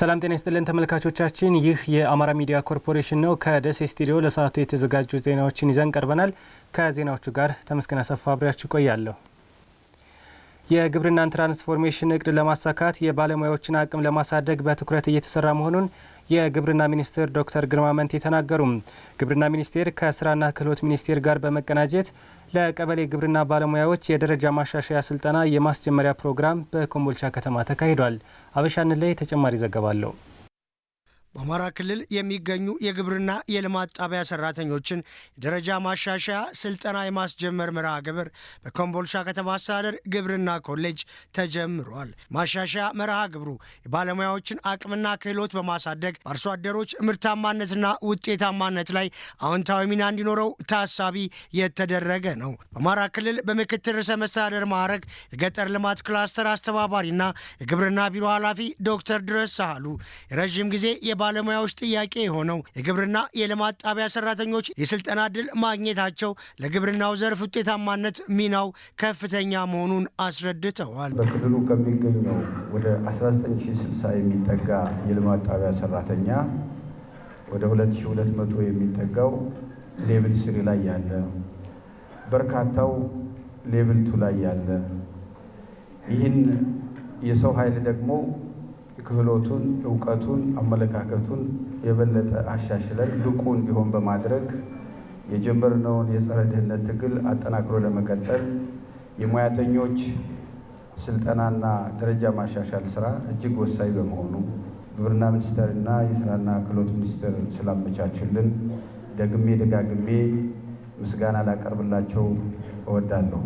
ሰላም ጤና ይስጥልን ተመልካቾቻችን፣ ይህ የአማራ ሚዲያ ኮርፖሬሽን ነው። ከደሴ ስቱዲዮ ለሰዓቱ የተዘጋጁ ዜናዎችን ይዘን ቀርበናል። ከዜናዎቹ ጋር ተመስገን አሰፋ አብሬያችሁ ቆያለሁ። የግብርናን ትራንስፎርሜሽን እቅድ ለማሳካት የባለሙያዎችን አቅም ለማሳደግ በትኩረት እየተሰራ መሆኑን የግብርና ሚኒስትር ዶክተር ግርማ መንቴ ተናገሩ። ግብርና ሚኒስቴር ከስራና ክህሎት ሚኒስቴር ጋር በመቀናጀት ለቀበሌ ግብርና ባለሙያዎች የደረጃ ማሻሻያ ስልጠና የማስጀመሪያ ፕሮግራም በኮምቦልቻ ከተማ ተካሂዷል። አበሻን ላይ ተጨማሪ ዘገባ አለው። በአማራ ክልል የሚገኙ የግብርና የልማት ጣቢያ ሰራተኞችን የደረጃ ማሻሻያ ስልጠና የማስጀመር መርሃ ግብር በኮምቦልቻ ከተማ አስተዳደር ግብርና ኮሌጅ ተጀምሯል። ማሻሻያ መርሃ ግብሩ የባለሙያዎችን አቅምና ክህሎት በማሳደግ በአርሶ አደሮች ምርታማነትና ውጤታማነት ላይ አዎንታዊ ሚና እንዲኖረው ታሳቢ የተደረገ ነው። በአማራ ክልል በምክትል ርዕሰ መስተዳደር ማዕረግ የገጠር ልማት ክላስተር አስተባባሪና የግብርና ቢሮ ኃላፊ ዶክተር ድረስ ሳህሉ የረዥም ጊዜ ባለሙያዎች ጥያቄ የሆነው የግብርና የልማት ጣቢያ ሰራተኞች የስልጠና እድል ማግኘታቸው ለግብርናው ዘርፍ ውጤታማነት ሚናው ከፍተኛ መሆኑን አስረድተዋል። በክልሉ ከሚገኘው ወደ 19060 የሚጠጋ የልማት ጣቢያ ሰራተኛ ወደ 2200 የሚጠጋው ሌብል ስሪ ላይ ያለ፣ በርካታው ሌቭል ቱ ላይ ያለ ይህን የሰው ኃይል ደግሞ ክህሎቱን፣ እውቀቱን፣ አመለካከቱን የበለጠ አሻሽለን ብቁ እንዲሆን በማድረግ የጀመርነውን የጸረ ድህነት ትግል አጠናክሮ ለመቀጠል የሙያተኞች ስልጠናና ደረጃ ማሻሻል ስራ እጅግ ወሳኝ በመሆኑ ግብርና ሚኒስቴርና የስራና ክህሎት ሚኒስቴር ስላመቻቹልን ደግሜ ደጋግሜ ምስጋና ላቀርብላቸው እወዳለሁ።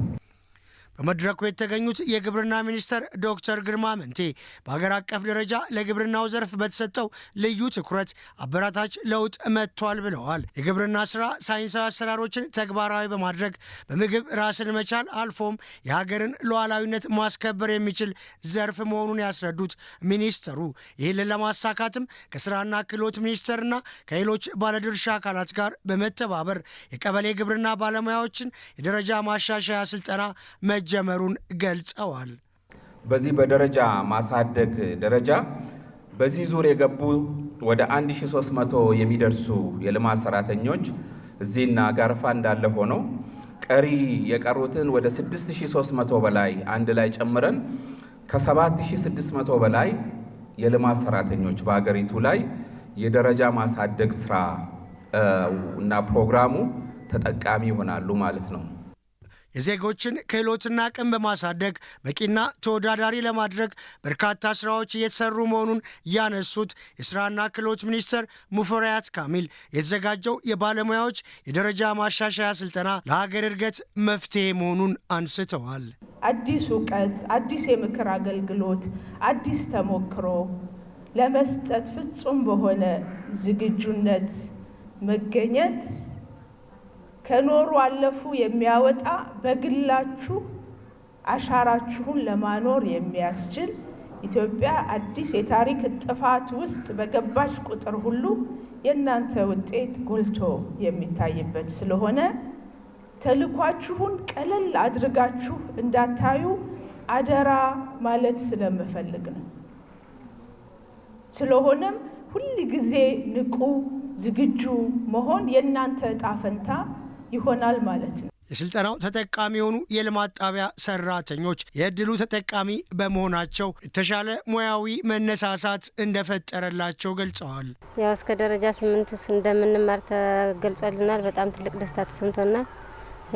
በመድረኩ የተገኙት የግብርና ሚኒስተር ዶክተር ግርማ መንቴ በሀገር አቀፍ ደረጃ ለግብርናው ዘርፍ በተሰጠው ልዩ ትኩረት አበራታች ለውጥ መጥቷል ብለዋል። የግብርና ስራ ሳይንሳዊ አሰራሮችን ተግባራዊ በማድረግ በምግብ ራስን መቻል አልፎም የሀገርን ሉዓላዊነት ማስከበር የሚችል ዘርፍ መሆኑን ያስረዱት ሚኒስተሩ ይህንን ለማሳካትም ከስራና ክህሎት ሚኒስቴርና ከሌሎች ባለድርሻ አካላት ጋር በመተባበር የቀበሌ ግብርና ባለሙያዎችን የደረጃ ማሻሻያ ስልጠና መ መጀመሩን ገልጸዋል። በዚህ በደረጃ ማሳደግ ደረጃ በዚህ ዙር የገቡ ወደ 1300 የሚደርሱ የልማት ሰራተኞች እዚህና ጋርፋ እንዳለ ሆኖ ቀሪ የቀሩትን ወደ 6300 በላይ አንድ ላይ ጨምረን ከ7600 በላይ የልማት ሰራተኞች በሀገሪቱ ላይ የደረጃ ማሳደግ ስራ እና ፕሮግራሙ ተጠቃሚ ይሆናሉ ማለት ነው። የዜጎችን ክህሎትና አቅም በማሳደግ በቂና ተወዳዳሪ ለማድረግ በርካታ ስራዎች እየተሰሩ መሆኑን ያነሱት የስራና ክህሎት ሚኒስትር ሙፈሪያት ካሚል የተዘጋጀው የባለሙያዎች የደረጃ ማሻሻያ ስልጠና ለሀገር እድገት መፍትሄ መሆኑን አንስተዋል። አዲስ እውቀት፣ አዲስ የምክር አገልግሎት፣ አዲስ ተሞክሮ ለመስጠት ፍጹም በሆነ ዝግጁነት መገኘት ከኖሩ አለፉ የሚያወጣ በግላችሁ አሻራችሁን ለማኖር የሚያስችል ኢትዮጵያ አዲስ የታሪክ ጥፋት ውስጥ በገባች ቁጥር ሁሉ የእናንተ ውጤት ጎልቶ የሚታይበት ስለሆነ ተልኳችሁን ቀለል አድርጋችሁ እንዳታዩ አደራ ማለት ስለምፈልግ ነው። ስለሆነም ሁል ጊዜ ንቁ፣ ዝግጁ መሆን የእናንተ እጣ ፈንታ ይሆናል ማለት ነው። የስልጠናው ተጠቃሚ የሆኑ የልማት ጣቢያ ሰራተኞች የእድሉ ተጠቃሚ በመሆናቸው የተሻለ ሙያዊ መነሳሳት እንደፈጠረላቸው ገልጸዋል። ያው እስከ ደረጃ ስምንት እንደምንማር ተገልጿልናል። በጣም ትልቅ ደስታ ተሰምቶናል።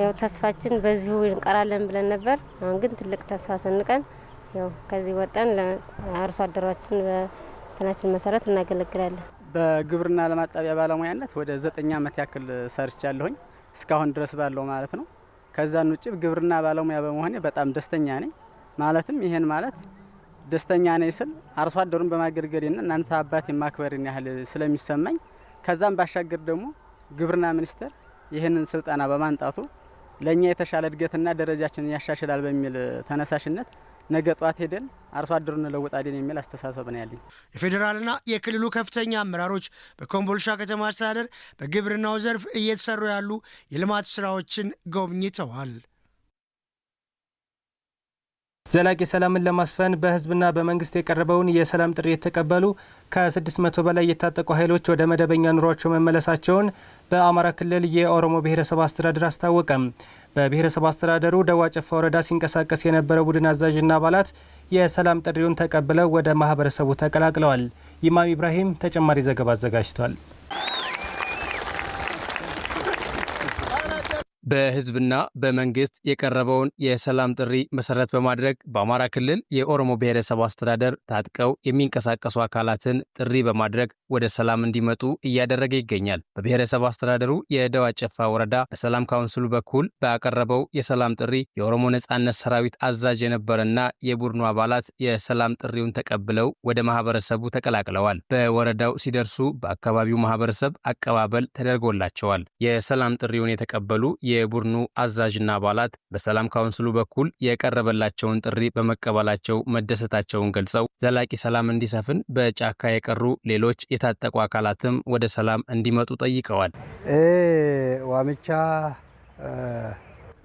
ያው ተስፋችን በዚሁ እንቀራለን ብለን ነበር። አሁን ግን ትልቅ ተስፋ ሰንቀን ያው ከዚህ ወጠን ለአርሶ አደሯችን በትናችን መሰረት እናገለግላለን። በግብርና ልማት ጣቢያ ባለሙያነት ወደ ዘጠኝ አመት ያክል ሰርቻለሁኝ። እስካሁን ድረስ ባለው ማለት ነው። ከዛን ውጭ ግብርና ባለሙያ በመሆኔ በጣም ደስተኛ ነኝ። ማለትም ይሄን ማለት ደስተኛ ነኝ ስል አርሶ አደሩን በማገልገሌና እናንተ አባት የማክበርን ያህል ስለሚሰማኝ ከዛም ባሻገር ደግሞ ግብርና ሚኒስቴር ይህንን ስልጠና በማንጣቱ ለእኛ የተሻለ እድገትና ደረጃችንን ያሻሽላል በሚል ተነሳሽነት ነገ ጠዋት ሄደን አርሶ አደሩ እንለውጣለን የሚል አስተሳሰብ ነው ያለኝ። የፌዴራልና የክልሉ ከፍተኛ አመራሮች በኮምቦልሻ ከተማ አስተዳደር በግብርናው ዘርፍ እየተሰሩ ያሉ የልማት ስራዎችን ጎብኝተዋል። ዘላቂ ሰላምን ለማስፈን በህዝብና በመንግስት የቀረበውን የሰላም ጥሪ የተቀበሉ ከ600 በላይ የታጠቁ ኃይሎች ወደ መደበኛ ኑሯቸው መመለሳቸውን በአማራ ክልል የኦሮሞ ብሔረሰብ አስተዳደር አስታወቀም። በብሔረሰብ አስተዳደሩ ደዋ ጨፋ ወረዳ ሲንቀሳቀስ የነበረው ቡድን አዛዥና አባላት የሰላም ጥሪውን ተቀብለው ወደ ማህበረሰቡ ተቀላቅለዋል። ኢማም ኢብራሂም ተጨማሪ ዘገባ አዘጋጅቷል። በህዝብና በመንግስት የቀረበውን የሰላም ጥሪ መሰረት በማድረግ በአማራ ክልል የኦሮሞ ብሔረሰብ አስተዳደር ታጥቀው የሚንቀሳቀሱ አካላትን ጥሪ በማድረግ ወደ ሰላም እንዲመጡ እያደረገ ይገኛል። በብሔረሰብ አስተዳደሩ የደዋ ጨፋ ወረዳ በሰላም ካውንስሉ በኩል ባቀረበው የሰላም ጥሪ የኦሮሞ ነጻነት ሰራዊት አዛዥ የነበረና የቡድኑ አባላት የሰላም ጥሪውን ተቀብለው ወደ ማህበረሰቡ ተቀላቅለዋል። በወረዳው ሲደርሱ በአካባቢው ማህበረሰብ አቀባበል ተደርጎላቸዋል። የሰላም ጥሪውን የተቀበሉ የ የቡድኑ አዛዥና አባላት በሰላም ካውንስሉ በኩል የቀረበላቸውን ጥሪ በመቀበላቸው መደሰታቸውን ገልጸው ዘላቂ ሰላም እንዲሰፍን በጫካ የቀሩ ሌሎች የታጠቁ አካላትም ወደ ሰላም እንዲመጡ ጠይቀዋል። ዋምቻ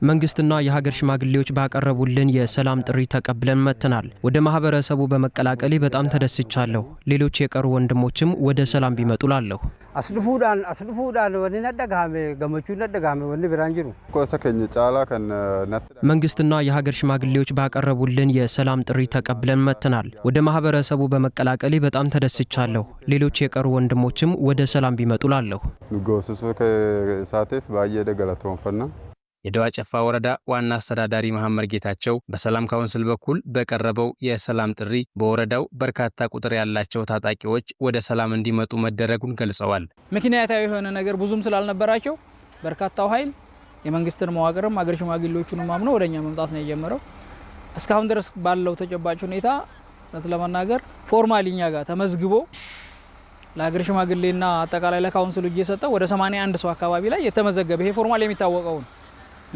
መንግስትና የሀገር ሽማግሌዎች ባቀረቡልን የሰላም ጥሪ ተቀብለን መጥተናል። ወደ ማህበረሰቡ በመቀላቀሌ በጣም ተደስቻለሁ። ሌሎች የቀሩ ወንድሞችም ወደ ሰላም ቢመጡ ላለሁ አስልፉዳን አስልፉዳን ወኒ ነደጋሜ ገመቹ ነደጋሜ ወኒ ቢራን ኮሰከኝ ጫላ ከን መንግስትና የሀገር ሽማግሌዎች ባቀረቡልን የሰላም ጥሪ ተቀብለን መጥተናል። ወደ ማህበረሰቡ በመቀላቀሌ በጣም ተደስቻለሁ። ሌሎች የቀሩ ወንድሞችም ወደ ሰላም ቢመጡ ላለሁ ጎስሱ ሳቴፍ ባየ ደገለተወንፈና የደዋ ጨፋ ወረዳ ዋና አስተዳዳሪ መሐመድ ጌታቸው በሰላም ካውንስል በኩል በቀረበው የሰላም ጥሪ በወረዳው በርካታ ቁጥር ያላቸው ታጣቂዎች ወደ ሰላም እንዲመጡ መደረጉን ገልጸዋል። ምክንያታዊ የሆነ ነገር ብዙም ስላልነበራቸው በርካታው ኃይል የመንግስትን መዋቅርም አገር ሽማግሌዎቹን አምኖ ወደ እኛ መምጣት ነው የጀመረው። እስካሁን ድረስ ባለው ተጨባጭ ሁኔታ እውነት ለመናገር ፎርማሊ እኛ ጋር ተመዝግቦ ለሀገር ሽማግሌና አጠቃላይ ለካውንስሉ እየሰጠው ወደ 81 ሰው አካባቢ ላይ የተመዘገበ ይሄ ፎርማል የሚታወቀውን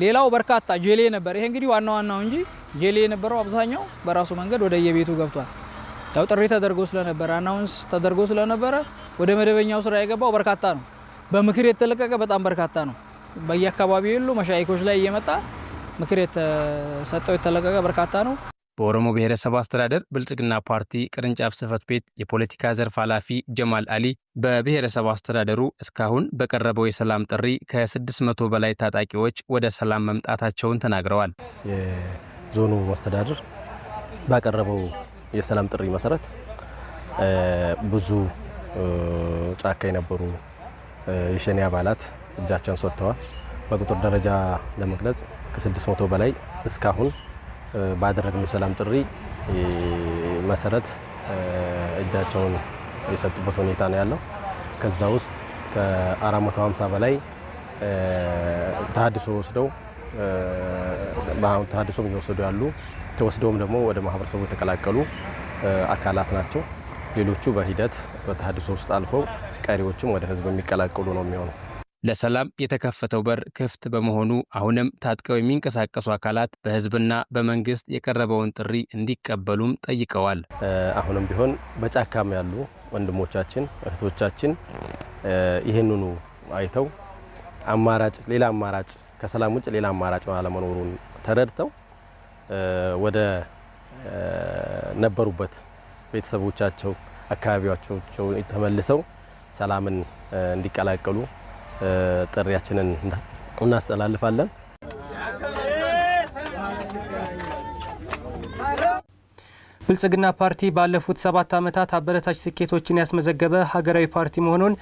ሌላው በርካታ ጄሌ ነበር። ይሄ እንግዲህ ዋና ዋናው እንጂ ጄሌ የነበረው አብዛኛው በራሱ መንገድ ወደ የቤቱ ገብቷል። ያው ጥሪ ተደርጎ ስለነበረ አናውንስ ተደርጎ ስለነበረ ወደ መደበኛው ስራ የገባው በርካታ ነው። በምክር የተለቀቀ በጣም በርካታ ነው። በየአካባቢው ሁሉ መሻይኮች ላይ እየመጣ ምክር የተሰጠው የተለቀቀ በርካታ ነው። በኦሮሞ ብሔረሰብ አስተዳደር ብልጽግና ፓርቲ ቅርንጫፍ ጽህፈት ቤት የፖለቲካ ዘርፍ ኃላፊ ጀማል አሊ በብሔረሰብ አስተዳደሩ እስካሁን በቀረበው የሰላም ጥሪ ከ600 በላይ ታጣቂዎች ወደ ሰላም መምጣታቸውን ተናግረዋል። የዞኑ አስተዳደር ባቀረበው የሰላም ጥሪ መሰረት ብዙ ጫካ የነበሩ የሸኔ አባላት እጃቸውን ሰጥተዋል። በቁጥር ደረጃ ለመግለጽ ከ600 በላይ እስካሁን ባደረግነው የሰላም ጥሪ መሰረት እጃቸውን የሰጡበት ሁኔታ ነው ያለው። ከዛ ውስጥ ከ450 በላይ ተሀድሶ ወስደው ተሃድሶም እየወሰዱ ያሉ ተወስደውም ደግሞ ወደ ማህበረሰቡ የተቀላቀሉ አካላት ናቸው። ሌሎቹ በሂደት በተሃድሶ ውስጥ አልፈው ቀሪዎችም ወደ ህዝብ የሚቀላቀሉ ነው የሚሆነው። ለሰላም የተከፈተው በር ክፍት በመሆኑ አሁንም ታጥቀው የሚንቀሳቀሱ አካላት በህዝብና በመንግስት የቀረበውን ጥሪ እንዲቀበሉም ጠይቀዋል። አሁንም ቢሆን በጫካም ያሉ ወንድሞቻችን እህቶቻችን ይህንኑ አይተው አማራጭ ሌላ አማራጭ ከሰላም ውጭ ሌላ አማራጭ አለመኖሩን ተረድተው ወደ ነበሩበት ቤተሰቦቻቸው አካባቢያቸው ተመልሰው ሰላምን እንዲቀላቀሉ ጥሪያችንን እናስተላልፋለን። ብልጽግና ፓርቲ ባለፉት ሰባት ዓመታት አበረታች ስኬቶችን ያስመዘገበ ሀገራዊ ፓርቲ መሆኑን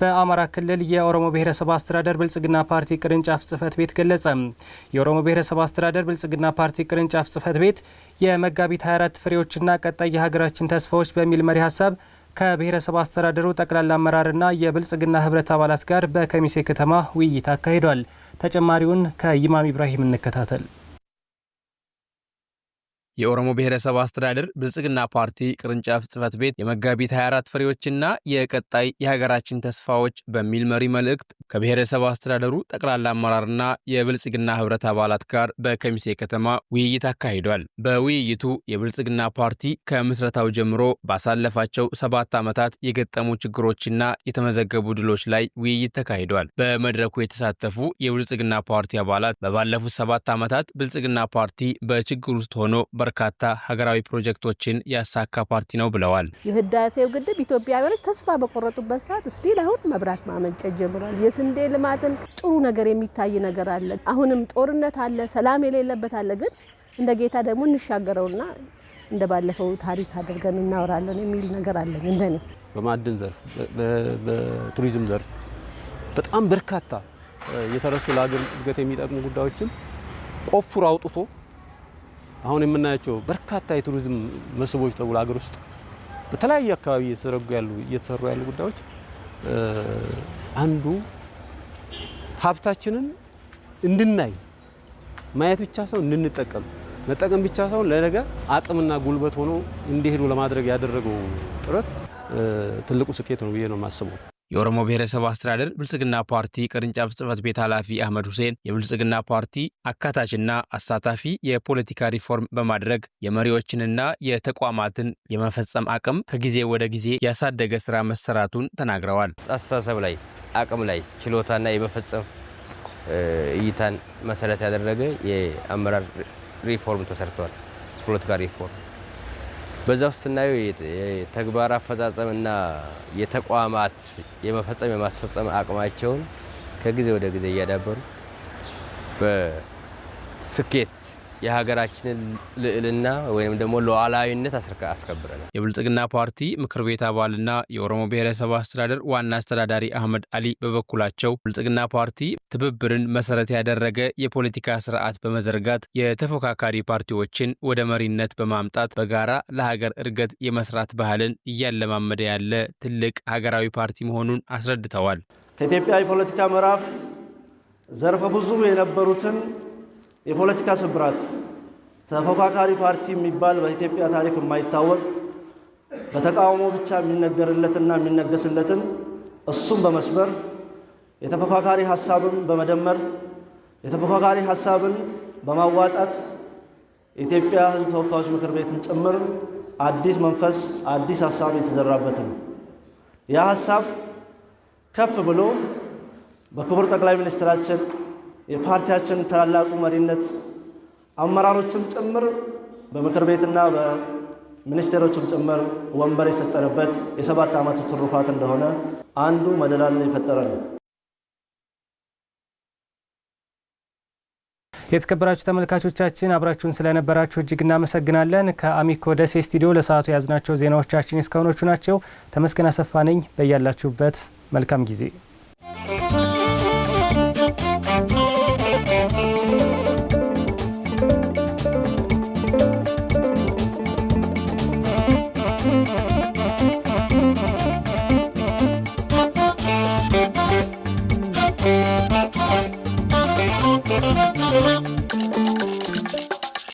በአማራ ክልል የኦሮሞ ብሔረሰብ አስተዳደር ብልጽግና ፓርቲ ቅርንጫፍ ጽህፈት ቤት ገለጸ። የኦሮሞ ብሔረሰብ አስተዳደር ብልጽግና ፓርቲ ቅርንጫፍ ጽህፈት ቤት የመጋቢት 24 ፍሬዎችና ቀጣይ የሀገራችን ተስፋዎች በሚል መሪ ሀሳብ ከብሔረሰብ አስተዳደሩ ጠቅላላ አመራርና የብልጽግና ህብረት አባላት ጋር በከሚሴ ከተማ ውይይት አካሂዷል። ተጨማሪውን ከይማም ኢብራሂም እንከታተል። የኦሮሞ ብሔረሰብ አስተዳደር ብልጽግና ፓርቲ ቅርንጫፍ ጽህፈት ቤት የመጋቢት 24 ፍሬዎችና የቀጣይ የሀገራችን ተስፋዎች በሚል መሪ መልእክት ከብሔረሰብ አስተዳደሩ ጠቅላላ አመራርና የብልጽግና ህብረት አባላት ጋር በከሚሴ ከተማ ውይይት አካሂዷል። በውይይቱ የብልጽግና ፓርቲ ከምስረታው ጀምሮ ባሳለፋቸው ሰባት ዓመታት የገጠሙ ችግሮችና የተመዘገቡ ድሎች ላይ ውይይት ተካሂዷል። በመድረኩ የተሳተፉ የብልጽግና ፓርቲ አባላት በባለፉት ሰባት ዓመታት ብልጽግና ፓርቲ በችግር ውስጥ ሆኖ በርካታ ሀገራዊ ፕሮጀክቶችን ያሳካ ፓርቲ ነው ብለዋል። የህዳሴው ግድብ ኢትዮጵያውያኖች ተስፋ በቆረጡበት ሰዓት ስቲል አሁን መብራት ማመንጨት ጀምሯል። የስንዴ ልማትን ጥሩ ነገር የሚታይ ነገር አለ። አሁንም ጦርነት አለ፣ ሰላም የሌለበት አለ። ግን እንደ ጌታ ደግሞ እንሻገረውና እንደ ባለፈው ታሪክ አድርገን እናወራለን የሚል ነገር አለን። እንደኔ። በማዕድን ዘርፍ፣ በቱሪዝም ዘርፍ በጣም በርካታ የተረሱ ለሀገር እድገት የሚጠቅሙ ጉዳዮችን ቆፍሮ አውጥቶ አሁን የምናያቸው በርካታ የቱሪዝም መስህቦች ተብሎ ሀገር ውስጥ በተለያዩ አካባቢ እየተዘረጉ ያሉ እየተሰሩ ያሉ ጉዳዮች አንዱ ሀብታችንን እንድናይ ማየት ብቻ ሰው እንድንጠቀም መጠቀም ብቻ ሳይሆን ለነገ አቅምና ጉልበት ሆኖ እንዲሄዱ ለማድረግ ያደረገው ጥረት ትልቁ ስኬት ነው ብዬ ነው የማስበው። የኦሮሞ ብሔረሰብ አስተዳደር ብልጽግና ፓርቲ ቅርንጫፍ ጽህፈት ቤት ኃላፊ አህመድ ሁሴን የብልጽግና ፓርቲ አካታችና አሳታፊ የፖለቲካ ሪፎርም በማድረግ የመሪዎችንና የተቋማትን የመፈጸም አቅም ከጊዜ ወደ ጊዜ ያሳደገ ስራ መሰራቱን ተናግረዋል። አስተሳሰብ ላይ፣ አቅም ላይ፣ ችሎታና የመፈጸም እይታን መሰረት ያደረገ የአመራር ሪፎርም ተሰርቷል። ፖለቲካ ሪፎርም በዛ ውስጥ ስናየው የተግባር አፈጻጸምና የተቋማት የመፈጸም የማስፈጸም አቅማቸውን ከጊዜ ወደ ጊዜ እያዳበሩ በስኬት የሀገራችንን ልዕልና ወይም ደግሞ ሉዓላዊነት አስከብረናል። የብልጽግና ፓርቲ ምክር ቤት አባልና የኦሮሞ ብሔረሰብ አስተዳደር ዋና አስተዳዳሪ አህመድ አሊ በበኩላቸው ብልጽግና ፓርቲ ትብብርን መሰረት ያደረገ የፖለቲካ ስርዓት በመዘርጋት የተፎካካሪ ፓርቲዎችን ወደ መሪነት በማምጣት በጋራ ለሀገር እድገት የመስራት ባህልን እያለማመደ ያለ ትልቅ ሀገራዊ ፓርቲ መሆኑን አስረድተዋል። ከኢትዮጵያ የፖለቲካ ምዕራፍ ዘርፈ ብዙ የነበሩትን የፖለቲካ ስብራት ተፎካካሪ ፓርቲ የሚባል በኢትዮጵያ ታሪክ የማይታወቅ በተቃውሞ ብቻ የሚነገርለትና የሚነገስለትን እሱም በመስበር የተፎካካሪ ሀሳብን በመደመር የተፎካካሪ ሀሳብን በማዋጣት የኢትዮጵያ ሕዝብ ተወካዮች ምክር ቤትን ጭምር አዲስ መንፈስ፣ አዲስ ሀሳብ የተዘራበት ነው። ያ ሀሳብ ከፍ ብሎ በክቡር ጠቅላይ ሚኒስትራችን የፓርቲያችን ታላላቁ መሪነት አመራሮችም ጭምር በምክር ቤትና በሚኒስቴሮችም ጭምር ወንበር የሰጠንበት የሰባት ዓመቱ ትሩፋት እንደሆነ አንዱ መደላል የፈጠረ ነው። የተከበራችሁ ተመልካቾቻችን አብራችሁን ስለነበራችሁ እጅግ እናመሰግናለን። ከአሚኮ ደሴ ስቱዲዮ ለሰዓቱ የያዝናቸው ዜናዎቻችን እስካሁኖቹ ናቸው። ተመስገን አሰፋ ነኝ። በያላችሁበት መልካም ጊዜ